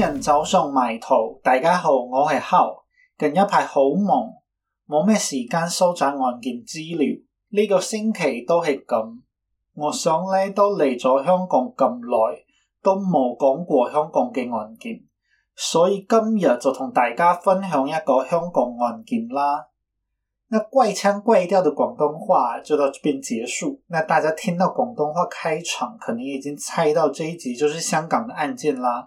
人走上埋途，大家好，我係 Hao，近一排好忙，冇咩時間收集案件資料，呢個星期都係咁。我想呢都嚟咗香港咁耐，都冇講過香港嘅案件，所以今日就同大家分享一個香港案件啦。那怪腔怪調嘅廣東話就到這邊結束。那大家聽到廣東話開場，可能已經猜到這一集就是香港嘅案件啦。